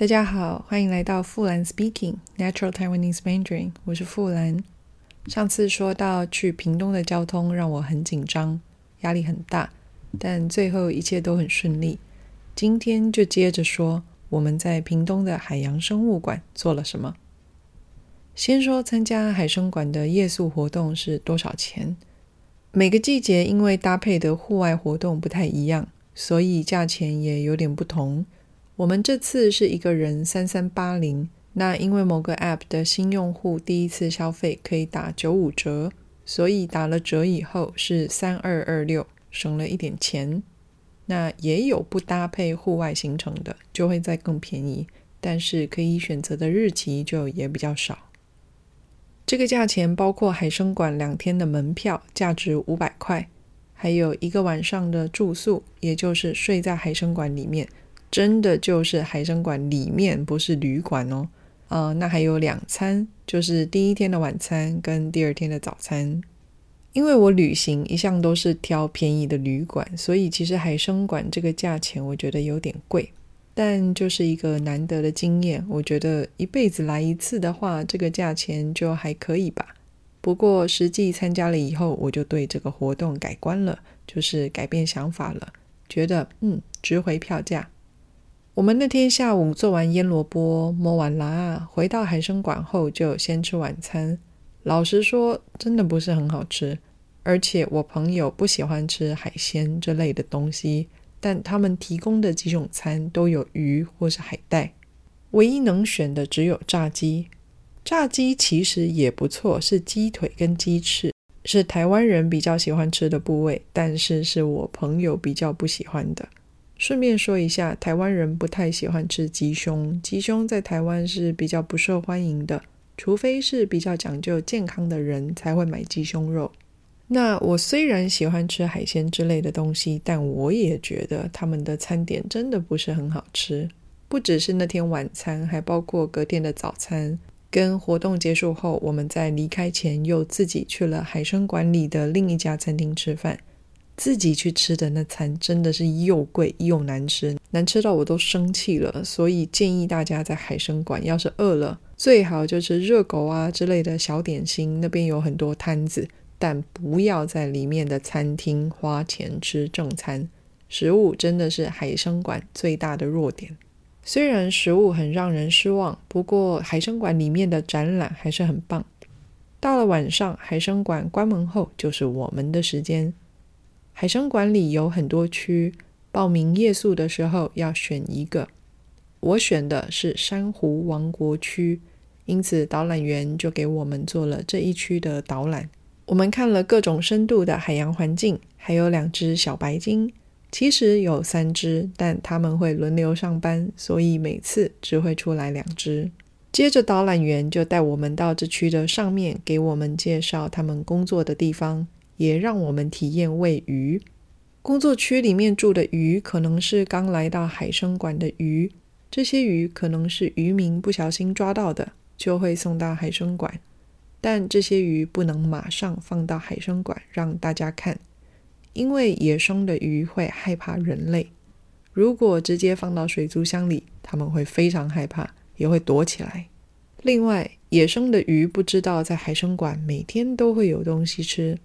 大家好，歡迎來到富蘭 Speaking Natural Taiwanese Mandarin。我是富蘭。上次說到去屏東的交通讓我很緊張，壓力很大，但最後一切都很順利。今天就接着說我們在屏東的海洋生物館做了什麼。先說參加海生館的夜宿活動是多少錢？每個季節因為搭配的戶外活動不太一樣，所以價錢也有點不同。我們這次是一個人三三八零，那因為某個 app 的新用戶第一次消費可以打九五折，所以打了折以後是三二二六，省了一點錢。那也有不搭配戶外行程的，就會再更便宜，但是可以選擇的日期就也比較少。這個價錢包括海生館兩天的門票，價值五百塊，還有一個晚上的住宿，也就是睡在海生館裡面。真的就是海生館裡面，不是旅館哦。啊、呃，那還有兩餐，就是第一天的晚餐跟第二天的早餐。因為我旅行一向都是挑便宜的旅館，所以其實海生館這個價錢我覺得有點貴。但就是一個難得的經驗，我覺得一輩子來一次的話，這個價錢就還可以吧。不過實際參加了以後，我就對這個活動改觀了，就是改變想法了，覺得嗯，值回票價。我們那天下午做完醃蘿蔔，摸完啦，回到海生館後就先吃晚餐。老實說，真的不是很好吃。而且我朋友不喜歡吃海鮮這類的東西，但他們提供的幾種餐都有魚或是海帶，唯一能選的只有炸雞。炸雞其實也不錯，是雞腿跟雞翅，是台灣人比較喜歡吃的部位，但是是我朋友比較不喜歡的。順便說一下，台灣人不太喜歡吃雞胸，雞胸在台灣是比較不受歡迎的，除非是比較講究健康的人才會買雞胸肉。那我雖然喜歡吃海鮮之類的東西，但我也覺得他們的餐點真的不是很好吃，不只是那天晚餐，還包括隔天的早餐，跟活動結束後我們在離開前又自己去了海生館裡的另一家餐廳吃飯。自己去吃的那餐真的是又貴又難吃，難吃到我都生氣了。所以建議大家在海生館要是餓了，最好就吃熱狗啊之類的小點心。那邊有很多攤子，但不要在裡面的餐廳花錢吃正餐。食物真的是海生館最大的弱點。雖然食物很讓人失望，不過海生館裡面的展覽還是很棒。到了晚上，海生館關門門後就是我們的時間。海生館裡有很多區，報名夜宿的時候要選一個。我選的是珊瑚王國區，因此導覽員就給我們做了這一區的導覽。我們看了各種深度的海洋環境，還有兩隻小白鯨。其實有三隻，但他們會輪流上班，所以每次只會出來兩隻。接着導覽員就帶我們到這區的上面，給我們介紹他們工作的地方。也讓我們體驗餵魚。工作區裡面住的魚可能是剛來到海生館的魚，這些魚可能是漁民不小心抓到的，就會送到海生館。但這些魚不能馬上放到海生館讓大家看，因為野生的魚會害怕人類。如果直接放到水族箱裡，它們會非常害怕，也會躲起來。另外，野生的魚不知道在海生館每天都會有東西吃。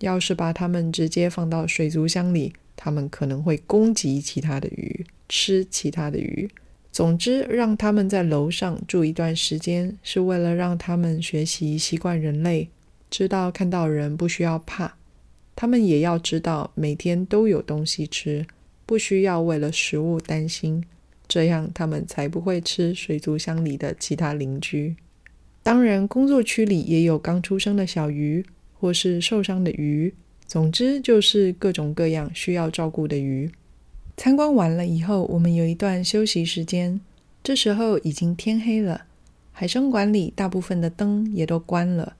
要是把它們直接放到水族箱裡，它們可能會攻擊其他的魚，吃其他的魚。總之，讓它們在樓上住一段時間，是為了讓它們學習習慣人類，知道看到人不需要怕。它們也要知道每天都有東西吃，不需要為了食物擔心，這樣它們才不會吃水族箱裡的其他鄰居。當然，工作區裡也有剛出生的小魚。或是受傷的魚，總之就是各種各樣需要照顧的魚。參觀完了以後，我們有一段休息時間，這時候已經天黑了，海生館裡大部分的燈也都關了。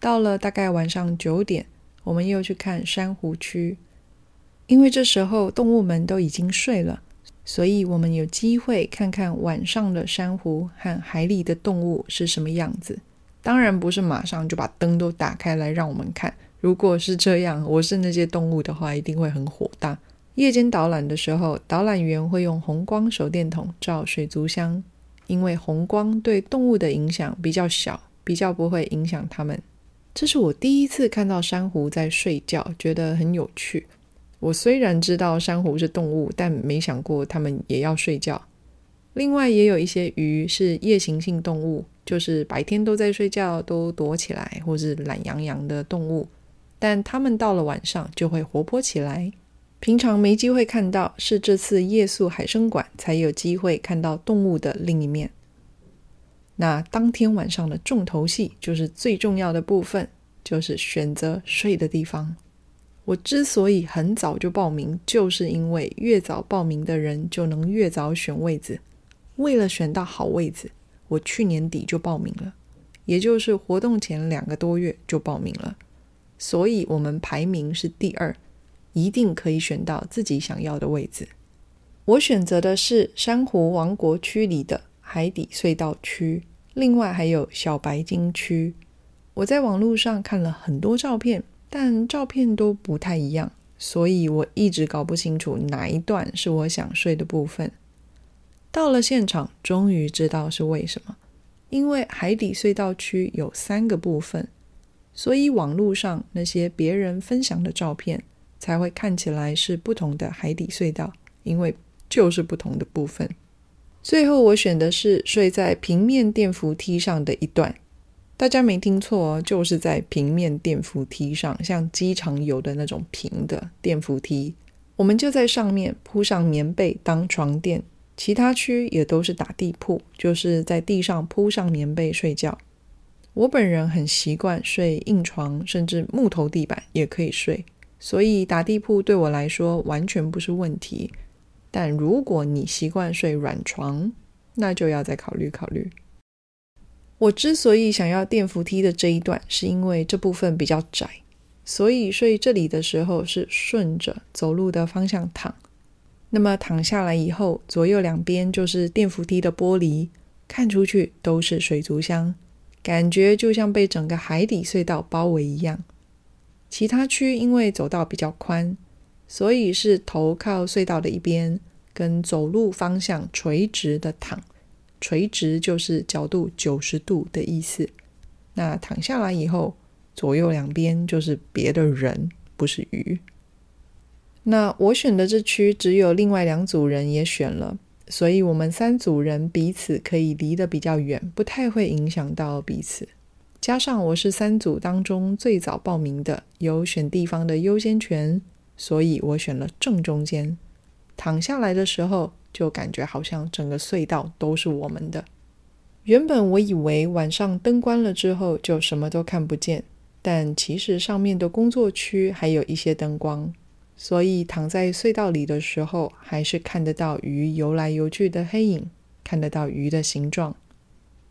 到了大概晚上九點，我們又去看珊瑚區，因為這時候動物們都已經睡了，所以我們有機會看看晚上的珊瑚和海裡的動物是什麼樣子。當然不是馬上就把燈都打開來讓我們看。如果是這樣，我是那些動物的話，一定會很火大。夜間導覽的時候，導覽員會用紅光手電筒照水族箱，因為紅光對動物的影響比較小，比較不會影響它們。這是我第一次看到珊瑚在睡覺，覺得很有趣。我雖然知道珊瑚是動物，但沒想過它們也要睡覺。另外，也有一些魚是夜行性動物。就是白天都在睡覺，都躲起來，或是懶洋洋的動物，但它們到了晚上就會活潑起來。平常沒機會看到，是這次夜宿海生館才有機會看到動物的另一面。那當天晚上的重頭戲就是最重要的部分，就是選擇睡的地方。我之所以很早就報名，就是因為越早報名的人就能越早選位置。為了選到好位置。我去年底就報名了，也就是活動前兩個多月就報名了，所以我們排名是第二，一定可以選到自己想要的位置。我選擇的是珊瑚王國區裡的海底隧道區，另外還有小白鯨區。我在網路上看了很多照片，但照片都不太一樣，所以我一直搞不清楚哪一段是我想睡的部分。到了現場，終於知道是為什麼。因為海底隧道區有三個部分，所以網絡上那些別人分享的照片才會看起來是不同的海底隧道，因為就是不同的部分。最後我選的是睡在平面電扶梯上的一段。大家沒聽錯哦，就是在平面電扶梯上，像機場有的那種平的電扶梯，我們就在上面鋪上棉被當床墊。其他區也都是打地鋪，就是在地上鋪上棉被睡覺。我本人很習慣睡硬床，甚至木頭地板也可以睡，所以打地鋪對我來說完全不是問題。但如果你習慣睡軟床，那就要再考慮考慮。我之所以想要電扶梯的這一段，是因為這部分比較窄，所以睡這裡的時候是順着走路的方向躺。那麼躺下來以後，左右兩邊就是電扶梯的玻璃，看出去都是水族箱，感覺就像被整個海底隧道包圍一樣。其他區因為走道比較寬，所以是頭靠隧道的一邊，跟走路方向垂直的躺，垂直就是角度九十度的意思。那躺下來以後，左右兩邊就是別的人，不是魚。那我選的這區只有另外兩組人也選了，所以我們三組人彼此可以離得比較遠，不太會影響到彼此。加上我是三組當中最早報名的，有選地方的優先權，所以我選了正中間。躺下來的時候，就感覺好像整個隧道都是我們的。原本我以為晚上燈關了之後就什麼都看不見，但其實上面的工作區還有一些燈光。所以躺在隧道裡的時候，還是看得到魚游來游去的黑影，看得到魚的形狀，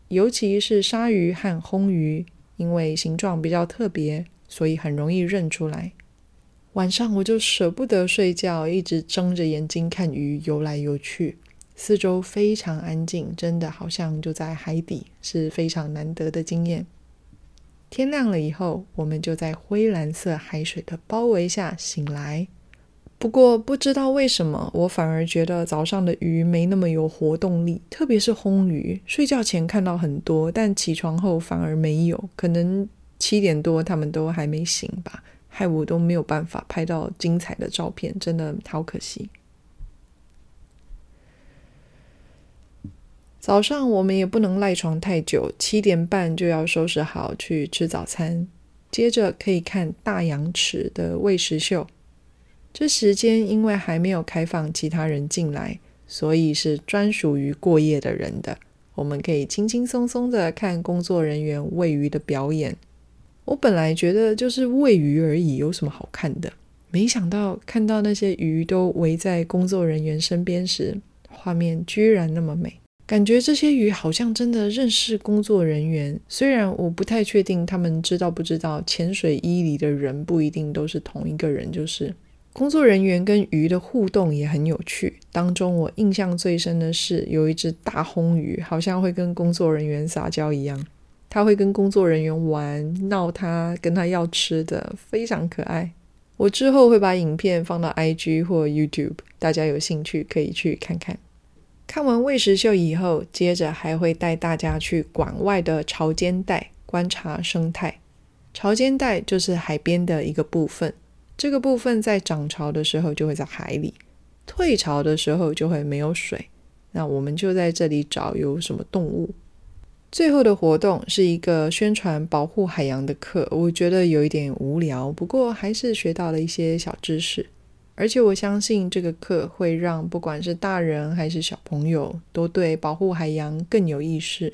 尤其是鯊魚和魟魚，因為形狀比較特別，所以很容易認出來。晚上我就捨不得睡覺，一直睜着眼睛看魚游來游去，四周非常安靜，真的好像就在海底，是非常難得的經驗。天亮了以後，我們就在灰藍色海水的包圍下醒來。不過不知道為什麼，我反而覺得早上的魚沒那麼有活動力，特別是魟魚。睡覺前看到很多，但起床後反而沒有。可能七點多他們都還沒醒吧，害我都沒有辦法拍到精彩的照片，真的好可惜。早上我們也不能賴床太久，七點半就要收拾好去吃早餐，接着可以看大洋池的餵食秀。這時間，因為還沒有開放其他人進來，所以是專屬於過夜的人的。我們可以輕輕鬆鬆地看工作人員餵魚的表演。我本來覺得就是餵魚而已，有什麼好看的？沒想到看到那些魚都圍在工作人員身邊時，畫面居然那麼美，感覺這些魚好像真的認識工作人員。雖然我不太確定他們知道不知道，潛水衣裡的人不一定都是同一個人，就是。工作人員跟魚的互動也很有趣，當中我印象最深的是有一只大紅魚，好像會跟工作人員撒嬌一樣，它會跟工作人員玩鬧，鬧它跟它要吃的，非常可愛。我之後會把影片放到 IG 或 YouTube，大家有興趣可以去看看。看完餵食秀以後，接着還會帶大家去館外的潮間帶觀察生態，潮間帶就是海邊的一個部分。這個部分在漲潮的時候就會在海裡，退潮的時候就會沒有水。那我們就在這裡找有什麼動物。最後的活動是一個宣傳保護海洋的課，我覺得有一點無聊，不過還是學到了一些小知識。而且我相信這個課會讓不管是大人還是小朋友都對保護海洋更有意識。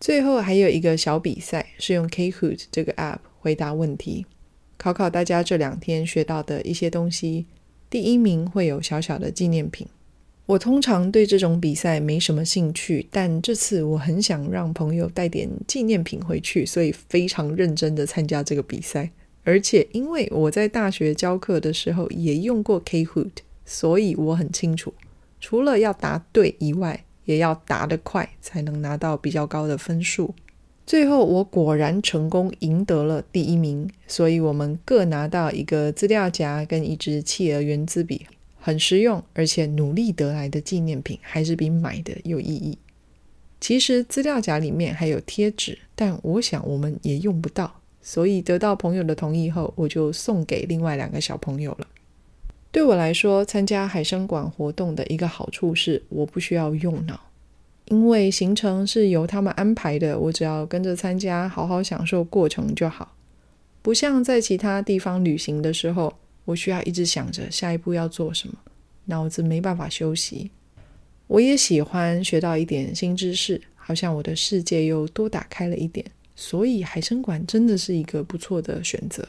最後還有一個小比賽，是用 Kahoot 這個 app 回答問題。考考大家這兩天學到的一些東西，第一名會有小小的紀念品。我通常對這種比賽沒什麼興趣，但這次我很想讓朋友帶點紀念品回去，所以非常認真地參加這個比賽。而且，因為我在大學教課的時候也用過 Kahoot，所以我很清楚，除了要答對以外，也要答得快才能拿到比較高的分數。最後，我果然成功贏得了第一名，所以我們各拿到一個資料夾跟一支企鵝原子筆，很實用，而且努力得來的紀念品還是比買的有意義。其實資料夾裡面還有貼紙，但我想我們也用不到，所以得到朋友的同意後，我就送給另外兩個小朋友了。對我來說，參加海生館活動的一個好處是，我不需要用腦。因為行程是由他們安排的，我只要跟着參加，好好享受過程就好。不像在其他地方旅行的時候，我需要一直想着下一步要做什麼，腦子沒辦法休息。我也喜歡學到一點新知識，好像我的世界又多打開了一點。所以海生館真的是一個不錯的選擇。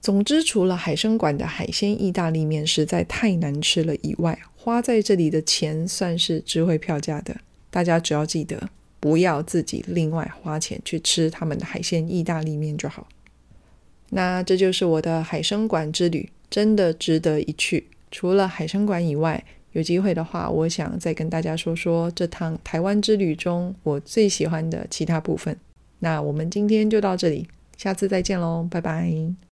總之，除了海生館的海鮮意大利麵實在太難吃了以外，花在這裡的錢算是值回票價的。大家只要記得不要自己另外花錢去吃他們的海鮮意大利麵就好。那這就是我的海生館之旅，真的值得一去。除了海生館以外，有機會的話，我想再跟大家說說這趟台灣之旅中我最喜歡的其他部分。那我們今天就到這裡，下次再見嘍，拜拜。